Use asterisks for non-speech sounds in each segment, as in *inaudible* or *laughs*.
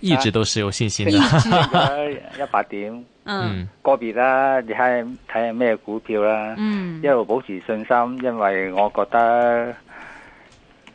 一直都是有信心嘅、啊，一百、啊、 *laughs* 點，嗯，個別啦、啊，你睇睇下咩股票啦、啊，嗯，一路保持信心，因為我覺得，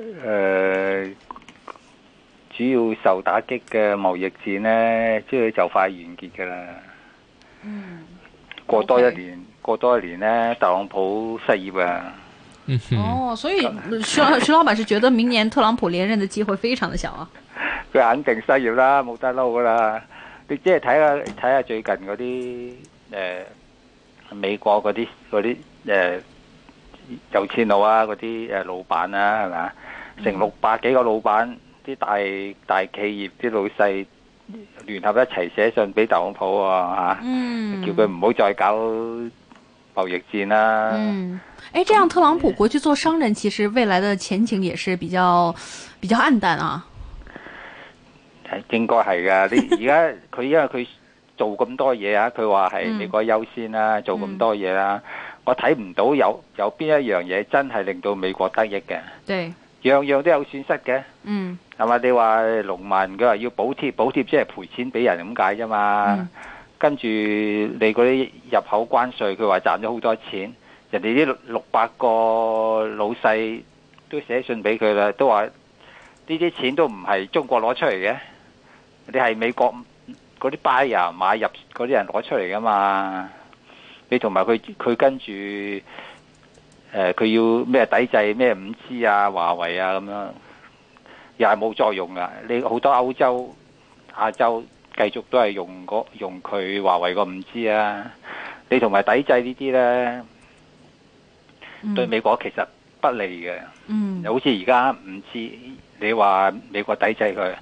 誒、呃，主要受打擊嘅貿易戰呢，即係就快完結噶啦，嗯，okay、過多一年，過多一年呢，特朗普失業啊，嗯、哼哦，所以徐 *laughs* 徐老板是覺得明年特朗普連任的機會非常的小啊。佢肯 *laughs* 定失業啦，冇得撈噶啦！你即係睇下睇下最近嗰啲，誒美國嗰啲，啲誒有錢佬啊，嗰啲誒老闆啊，係咪啊？成六百幾個老闆，啲、嗯、大大企業啲老細聯合一齊寫信俾特朗普啊吓，啊嗯、叫佢唔好再搞貿易戰啦、啊嗯。誒，這樣特朗普回去做商人，其實未來的前景也是比較比較暗淡啊。應該係噶你而家佢因為佢做咁多嘢啊，佢話係美國優先啦、啊，嗯嗯、做咁多嘢啦、啊，我睇唔到有有邊一樣嘢真係令到美國得益嘅。對，樣樣都有損失嘅。嗯，係嘛？嗯、你話農民佢話要補貼，補貼即係賠錢俾人咁解啫嘛。跟住你嗰啲入口關稅，佢話賺咗好多錢，人哋啲六百個老細都寫信俾佢啦，都話呢啲錢都唔係中國攞出嚟嘅。你係美國嗰啲 buyer 買入嗰啲人攞出嚟噶嘛，你和他？你同埋佢，佢跟住誒，佢要咩抵制咩五 G 啊、華為啊咁樣，又係冇作用噶。你好多歐洲、亞洲繼續都係用嗰用佢華為個五 G 啊。你同埋抵制這些呢啲咧，嗯、對美國其實不利嘅。嗯，好似而家五 G，你話美國抵制佢。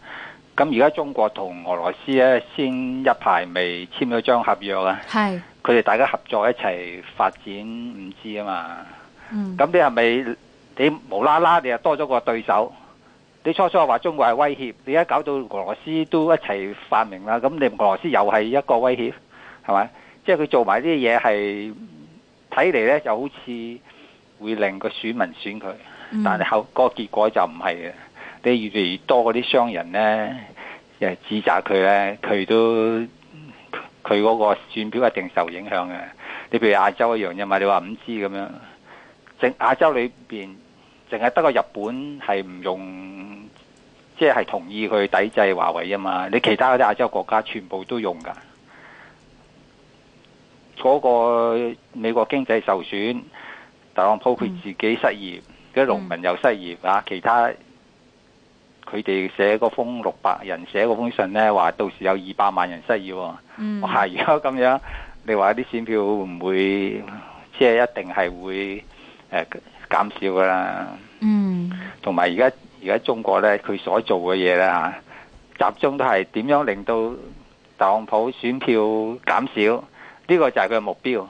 咁而家中國同俄羅斯咧，先一排未簽咗張合約啊！係佢哋大家合作一齊發展唔知啊嘛。咁你係咪你無啦啦你又多咗個對手？你初初話中國係威脅，你而家搞到俄羅斯都一齊發明啦，咁你俄羅斯又係一個威脅，係咪？即係佢做埋啲嘢係睇嚟咧，就，是、就好似會令個選民選佢，但係後個結果就唔係嘅。你越嚟越多嗰啲商人呢誒指責佢呢。佢都佢嗰個選票一定受影響嘅。你譬如亞洲一樣啫嘛，你話五 G 咁樣，整亞洲裏面淨係得個日本係唔用，即係同意佢抵制華為啊嘛。你其他嗰啲亞洲國家全部都用噶，嗰個美國經濟受損，特朗普佢自己失業，啲、嗯、農民又失業啊，其他。佢哋寫個封六百人寫個封信呢，話到時有二百萬人失業，哦，話而家咁樣，你話啲選票會唔會即係一定係會誒減少噶啦？嗯，同埋而家而家中國呢，佢所做嘅嘢呢，集中都係點樣令到特朗普選票減少？呢個就係佢嘅目標，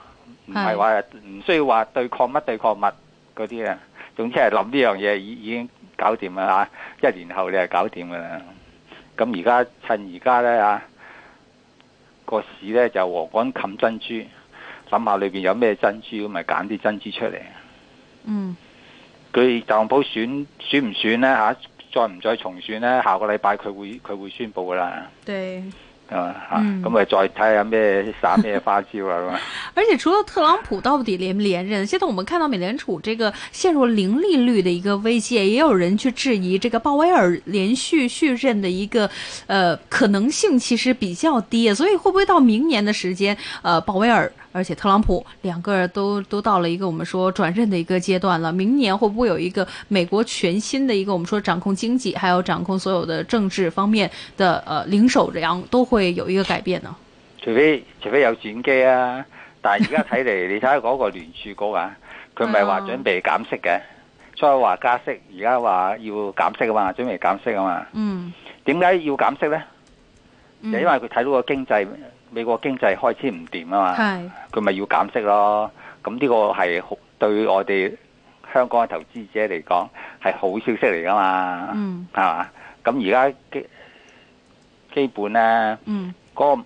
唔係話唔需要話對抗乜對抗物嗰啲啊，總之係諗呢樣嘢已已經。搞掂啊！一年後你係搞掂噶啦。咁而家趁而家咧啊，個市咧就禾稈冚珍珠，諗下裏邊有咩珍珠咁，咪揀啲珍珠出嚟。嗯，佢特朗普選選唔選咧吓？再唔再重選咧？下個禮拜佢會佢會宣布噶啦。對。啊，吓、嗯，咁咪再睇下咩撒咩花招啊咁啊！而且除了特朗普到底連唔連任，現在我們看到美聯儲這個陷入零利率的一個危機，也有人去質疑這個鮑威爾連續續任的一個，呃，可能性其實比較低，所以會不會到明年的時間，呃，鮑威爾？而且特朗普兩個都都到了一個我們說轉任的一個階段了，明年會不會有一個美國全新的一個我們說掌控經濟，還有掌控所有的政治方面的，呃，領袖這樣都會有一個改變呢？除非除非有轉機啊，但係而家睇嚟， *laughs* 你睇下嗰個聯儲局啊，佢咪係話準備減息嘅，再話 *laughs* 加息，而家話要減息啊嘛，準備減息啊嘛，嗯，點解要減息呢？嗯、因為佢睇到個經濟，美國經濟開始唔掂啊嘛是，佢咪要減息咯。咁呢個係好對我哋香港嘅投資者嚟講係好消息嚟噶嘛，嗯，係嘛？咁而家基基本咧，嗰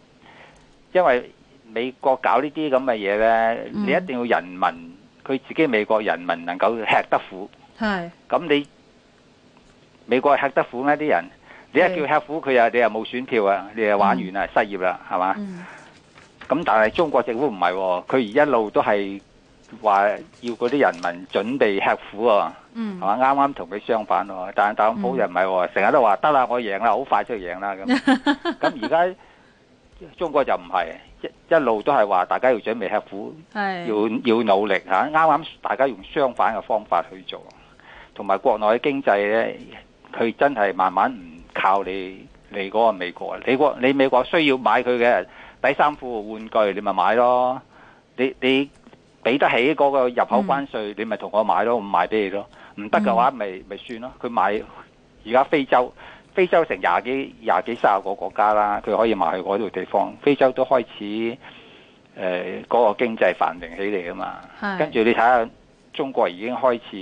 因為美國搞這些東西呢啲咁嘅嘢咧，你一定要人民佢自己美國人民能夠吃得苦是，咁你美國係吃得苦咩？啲人？你一叫吃苦，佢又你又冇選票啊！你又玩完啊，嗯、失業啦，係嘛？咁、嗯、但係中國政府唔係、哦，佢而一路都係話要嗰啲人民準備吃苦啊，係嘛、嗯？啱啱同佢相反喎，但特朗普又唔係，成日、嗯、都話得啦，我贏啦，好快就贏啦咁。咁而家中國就唔係一一路都係話大家要準備吃苦，是要要努力吓，啱、啊、啱大家用相反嘅方法去做，同埋國內嘅經濟呢，佢真係慢慢唔。靠你，你嗰個美國，你國你美國需要買佢嘅底衫褲玩具，你咪買咯。你你俾得起嗰個入口關稅，嗯、你咪同我買咯，我買俾你咯。唔得嘅話，咪咪、嗯、算咯。佢買而家非洲，非洲成廿幾廿幾卅個國家啦，佢可以買去嗰度地方。非洲都開始誒嗰、呃那個經濟繁榮起嚟啊嘛。是的 跟住你睇下，中國已經開始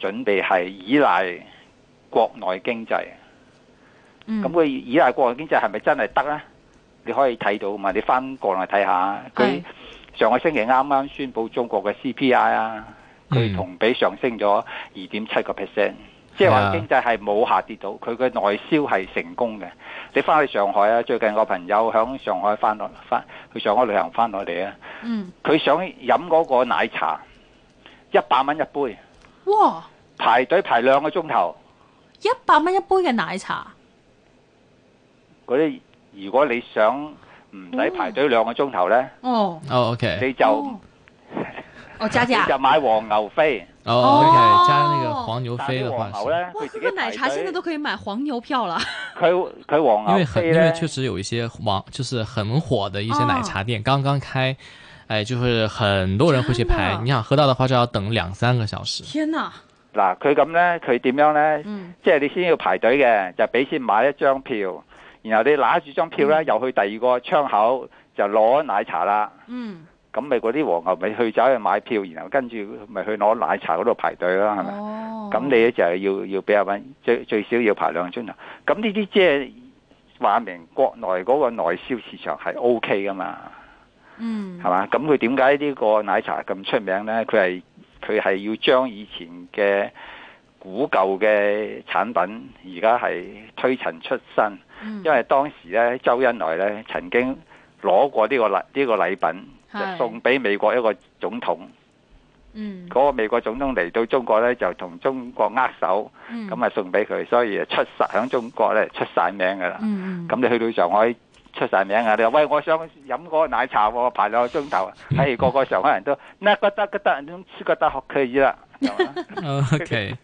準備係依賴國內經濟。咁佢、嗯、依賴國內經濟係咪真係得咧？你可以睇到嘛？你翻國內睇下，佢上個星期啱啱宣布中國嘅 CPI 啊，佢的同比上升咗二點七個 percent，即係話經濟係冇下跌到，佢嘅內銷係成功嘅。你翻去上海啊，最近個朋友響上海翻落翻去上海旅行翻落嚟啊，佢、嗯、想飲嗰個奶茶一百蚊一杯，哇！排隊排兩個鐘頭，一百蚊一杯嘅奶茶。如果你想唔使排隊兩個鐘頭咧，哦，OK，你就你就買黃牛飛，哦，OK，加那個黃牛飛嘅話，哇，個奶茶現在都可以買黃牛票了。佢佢黃牛飛咧，因為確實有一些黃，就是很火的一些奶茶店，剛剛開，哎，就是很多人會去排。你想喝到的話，就要等兩三個小時。天啊，嗱，佢咁咧，佢點樣咧？即係你先要排隊嘅，就俾先買一張票。然後你拿住張票咧，又去第二個窗口就攞奶茶啦。嗯，咁咪嗰啲黃牛咪去走去買票，然後跟住咪去攞奶茶嗰度排隊啦，係咪？哦，哦，咁你咧就係要要俾最最少要排兩樽啊。咁呢啲即係話明國內嗰個內銷市場係 O K 噶嘛？嗯，係嘛？咁佢點解呢個奶茶咁出名咧？佢係佢係要將以前嘅。古舊嘅產品而家係推陳出新，因為當時咧周恩來咧曾經攞過呢個禮呢個禮品，就送俾美國一個總統。嗯，嗰個美國總統嚟到中國咧就同中國握手，咁啊送俾佢，所以出晒響中國咧出晒名噶啦。嗯嗯，咁你去到上海出晒名啊！你話喂，我想飲嗰個奶茶喎，排咗個鐘頭，係個個上海人都那個得個得，你資格大學可以啦。OK。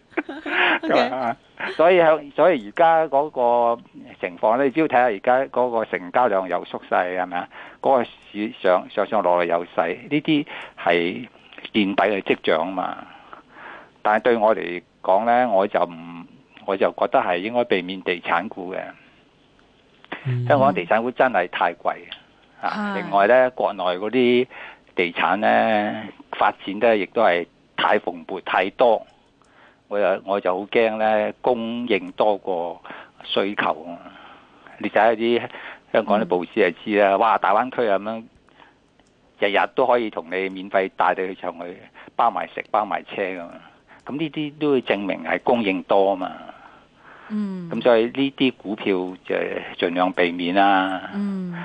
Okay. *laughs* 所以，所以而家嗰個情況咧，你只要睇下而家嗰個成交量又縮細，係咪啊？嗰、嗰個市上上上落嚟，又細，呢啲係見底嘅跡象啊嘛。但係對我嚟講呢，我就唔，我就覺得係應該避免地產股嘅。香港、mm hmm. 地產股真係太貴啊！Yes. 另外呢，國內嗰啲地產呢，發展得亦都係太蓬勃太多。我又我就好驚咧，供應多過需求。你睇下啲香港啲報紙就知啦，嗯、哇！大灣區咁樣，日日都可以同你免費帶你去唱去包食，包埋食包埋車噶嘛。咁呢啲都會證明係供應多嘛。嗯。咁所以呢啲股票就盡量避免啦、啊。嗯。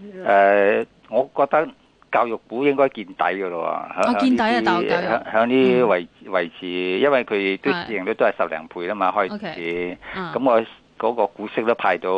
誒，uh, 我覺得教育股應該見底噶咯喎，啊、向呢位位置，因為佢都市盈是率都係十零倍啊嘛，開始，咁 okay,、嗯、我嗰個股息都派到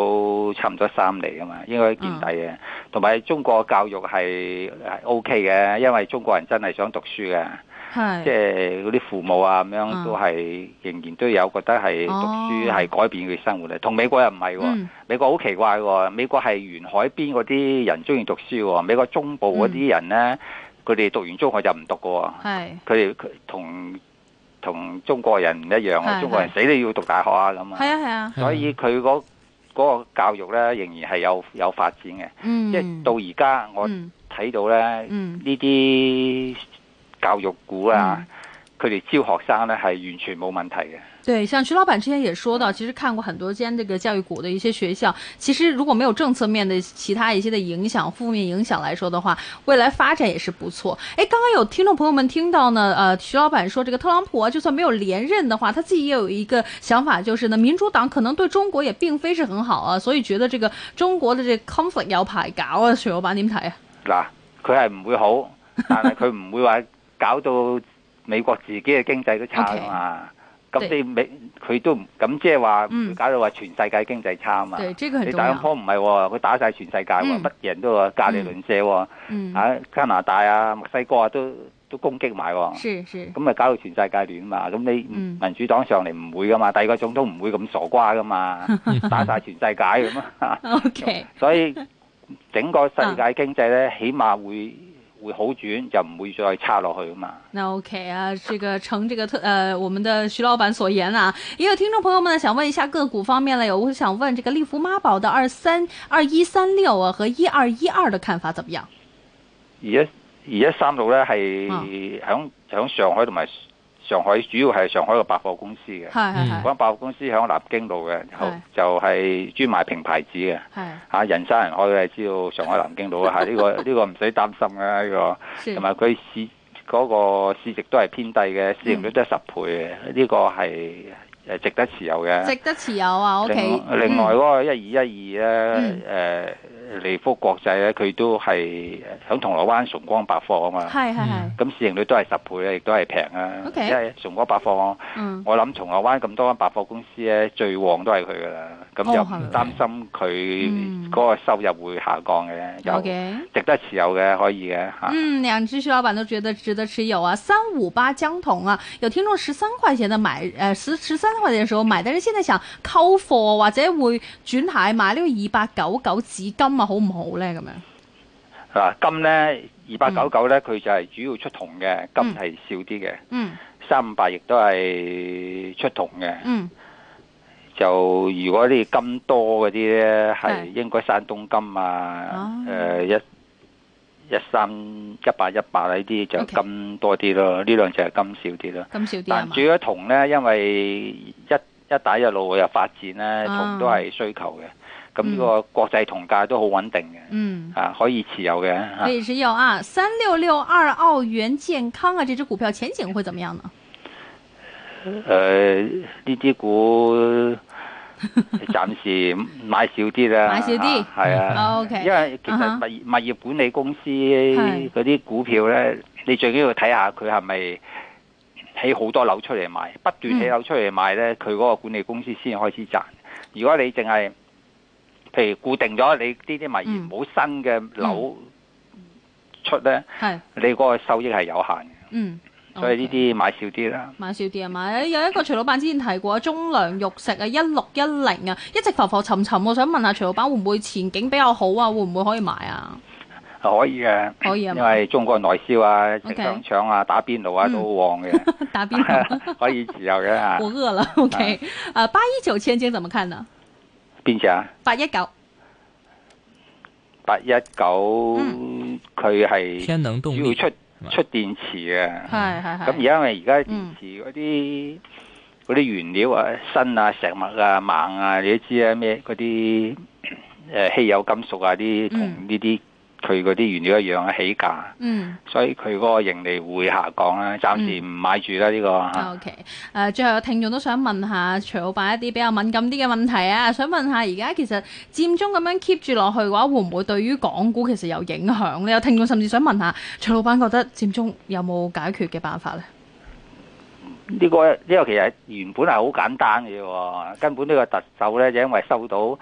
差唔多三厘啊嘛，應該見底啊。同埋、嗯、中國教育係係 OK 嘅，因為中國人真係想讀書嘅。是即係嗰啲父母啊，咁樣都係仍然都有覺得係讀書係改變佢生活嘅。同、哦、美國又唔係喎，美國好奇怪喎。美國係沿海邊嗰啲人中意讀書喎，美國中部嗰啲人呢，佢哋、嗯、讀完中學就唔讀嘅。係佢哋同同中國人唔一樣，中國人死都要讀大學啊咁啊。係啊係啊，所以佢嗰個教育呢，仍然係有有發展嘅。嗯、即係到而家我睇到呢呢啲。嗯嗯呢啲教育股啊，佢哋招學生呢係完全冇問題嘅。對，像徐老闆之前也說到，其實看過很多間這個教育股的一些學校，其實如果沒有政策面的其他一些的影響、負面影響來說的話，未來發展也是不錯。誒，剛剛有聽眾朋友們聽到呢，呃，徐老闆說，這個特朗普啊，就算沒有連任的話，他自己也有一個想法，就是呢，民主黨可能對中國也並非是很好啊，所以覺得這個中國的這個 conflict 有排搞啊。徐老板點睇啊？嗱，佢係唔會好，但係佢唔會話。 *laughs* 搞到美國自己嘅經濟都差啊嘛，咁你美佢都唔，咁即係話搞到話全世界經濟差啊嘛。你打一波唔係喎，佢打晒全世界喎，乜人都話，隔籬鄰舍喎，加拿大啊、墨西哥啊都都攻擊埋喎。是是。咁咪搞到全世界亂啊嘛，咁你民主黨上嚟唔會噶嘛，第二個總統唔會咁傻瓜噶嘛，打晒全世界咁啊。OK。所以整個世界經濟咧，起碼會。會好轉就唔會再差落去啊嘛。那 OK 啊，這個成這個特，呃，我們的徐老闆所言啊，也有聽眾朋友們想問一下個股方面呢？有我想問這個利福媽寶的二三二一三六啊和一二一二的看法怎麼樣？二一二一三六呢，係響響上海同埋。上海主要係上海百貨是是是個百貨公司嘅，嗰百貨公司響南京路嘅，是是就係專賣平牌子嘅，吓是是 人山人海，你知道上海南京路啊，呢個呢個唔使擔心嘅呢個，同埋佢市、嗰個市值都係偏低嘅，市盈率都得十倍的，呢是是 個係誒值得持有嘅，值得持有啊！屋、OK、企另外嗰、嗯、個一二一二咧誒。利福國際咧，佢都係喺銅鑼灣崇光百貨啊嘛，係係係。咁、嗯、市盈率都係十倍也是便宜啊，亦都係平啊。O K。因為崇光百貨，嗯、我諗銅鑼灣咁多間百貨公司咧，最旺都係佢噶啦。咁就唔擔心佢嗰個收入會下降嘅。O、oh, K。嗯、有值得持有嘅，可以嘅嚇。Okay 嗯，兩隻徐老闆都覺得值得持有啊！三五八江銅啊，有聽眾十三塊錢嘅買，誒十十三塊錢嘅時候買，但係你先得想溝貨，或者會轉鞋買呢個二八九九紫金、啊啊、好唔好呢？咁樣嗱，金呢，二八九九呢，佢就係主要出銅嘅，嗯、金係少啲嘅。三五八亦都係出銅嘅。嗯、就如果啲金多嗰啲呢，係應該山東金啊，誒一一三一八一八呢啲就金多啲咯。呢兩隻係金少啲咯，少啲。但主要銅呢，因為一一帶一路又發展呢，銅都係需求嘅。啊咁呢個國際同價都好穩定嘅，嗯，啊可以持有嘅，可以持有啊！三六六二澳元健康啊，這支股票前景會怎麼樣呢？誒，呢啲股暫時買少啲啦，買少啲係啊，因為其實物業物業管理公司嗰啲股票呢，你最緊要睇下佢係咪起好多樓出嚟賣，不斷起樓出嚟賣呢，佢嗰個管理公司先開始賺。如果你淨係譬如固定咗你呢啲咪唔好新嘅樓出咧，你嗰個收益係有限嘅。嗯，所以呢啲買少啲啦。買少啲啊，買有一個徐老闆之前提過中糧肉食啊，一六一零啊，一直浮浮沉沉。我想問下徐老闆，會唔會前景比較好啊？會唔會可以買啊？可以嘅，可以啊。因為中國內銷啊，食香腸啊，打邊爐啊，都旺嘅。打邊爐可以持有嘅。我餓了，OK，啊八一九千金怎麼看呢？邊隻啊？八一九，八一九佢係要出出電池嘅。係係係。咁而家因為而家電池嗰啲嗰啲原料啊，鋅啊、石墨啊、錳啊，你都知啊，咩嗰啲誒稀有金屬啊，啲同呢啲。嗯佢嗰啲原料一樣起價，嗯，所以佢嗰個盈利會下降啦。暫時唔買住啦、這個，呢個 O K，誒，啊 okay. uh, 最後聽眾都想問下徐老闆一啲比較敏感啲嘅問題啊，想問下而家其實佔中咁樣 keep 住落去嘅話，會唔會對於港股其實有影響呢？有聽眾甚至想問下徐老闆，覺得佔中有冇解決嘅辦法呢？呢、這個呢、這個其實原本係好簡單嘅喎、啊，根本呢個特首呢，就因為收到。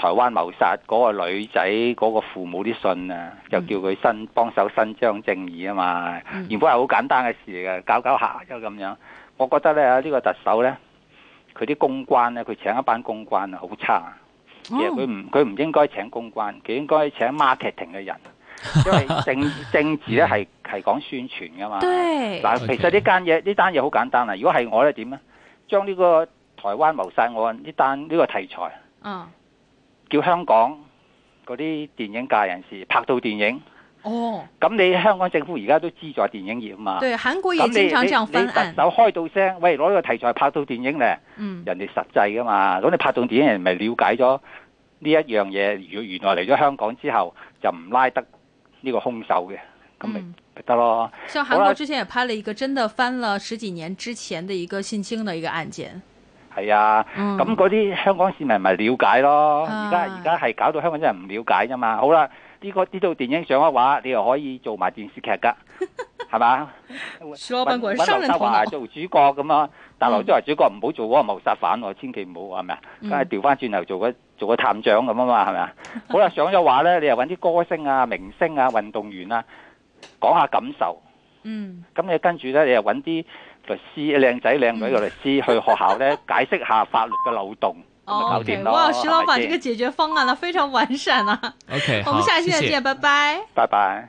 台灣謀殺嗰個女仔嗰個父母啲信啊，就叫佢伸幫手伸張正義啊嘛。原本係好簡單嘅事嚟嘅，搞搞下就咁樣。我覺得咧，呢個特首咧，佢啲公關咧，佢請一班公關啊，好差。其實佢唔佢唔應該請公關，佢應該請 marketing 嘅人，因為政治政治咧係係講宣傳㗎嘛。嗱， *laughs* 其實呢間嘢呢單嘢好簡單啊。如果係我咧點咧，將呢個台灣謀殺案呢單呢個題材啊。 *laughs* 叫香港嗰啲電影界人士拍到電影哦，咁、oh, 你香港政府而家都資助電影業嘛？對，韓國也經常這樣翻案你，你，你特首開到聲，喂，攞呢個題材拍到電影咧，家的嗯，人哋實際噶嘛？咁你拍到電影人咪了解咗呢一樣嘢？如果原來嚟咗香港之後就唔拉得呢個兇手嘅，咁咪得咯。像韓國之前也拍了一個真的翻了十幾年之前的一個性侵的一個案件。係啊，咁嗰啲香港市民咪了解咯。而家而家係搞到香港真係唔了解啫嘛。好啦，呢個呢套電影上嘅話，你又可以做埋電視劇噶，係嘛 *laughs* 吧？揾劉德華做主角咁啊。但係劉德華主角唔好做嗰個謀殺犯喎，千祈唔好係咪啊？梗係調翻轉頭做個做個探長咁啊嘛，係咪啊？好啦，上咗畫咧，你又揾啲歌星啊、明星啊、運動員啊，講下感受。嗯。咁你跟住咧，你又揾啲。律師靚仔靚女嘅律師，嗯、去學校咧解釋下法律嘅漏洞，搞掂啦哇！徐、oh, okay. wow, 老闆，呢個解決方案呢非常完善啊。OK，我好們 *laughs* 下期再見，拜拜。拜拜謝。Bye bye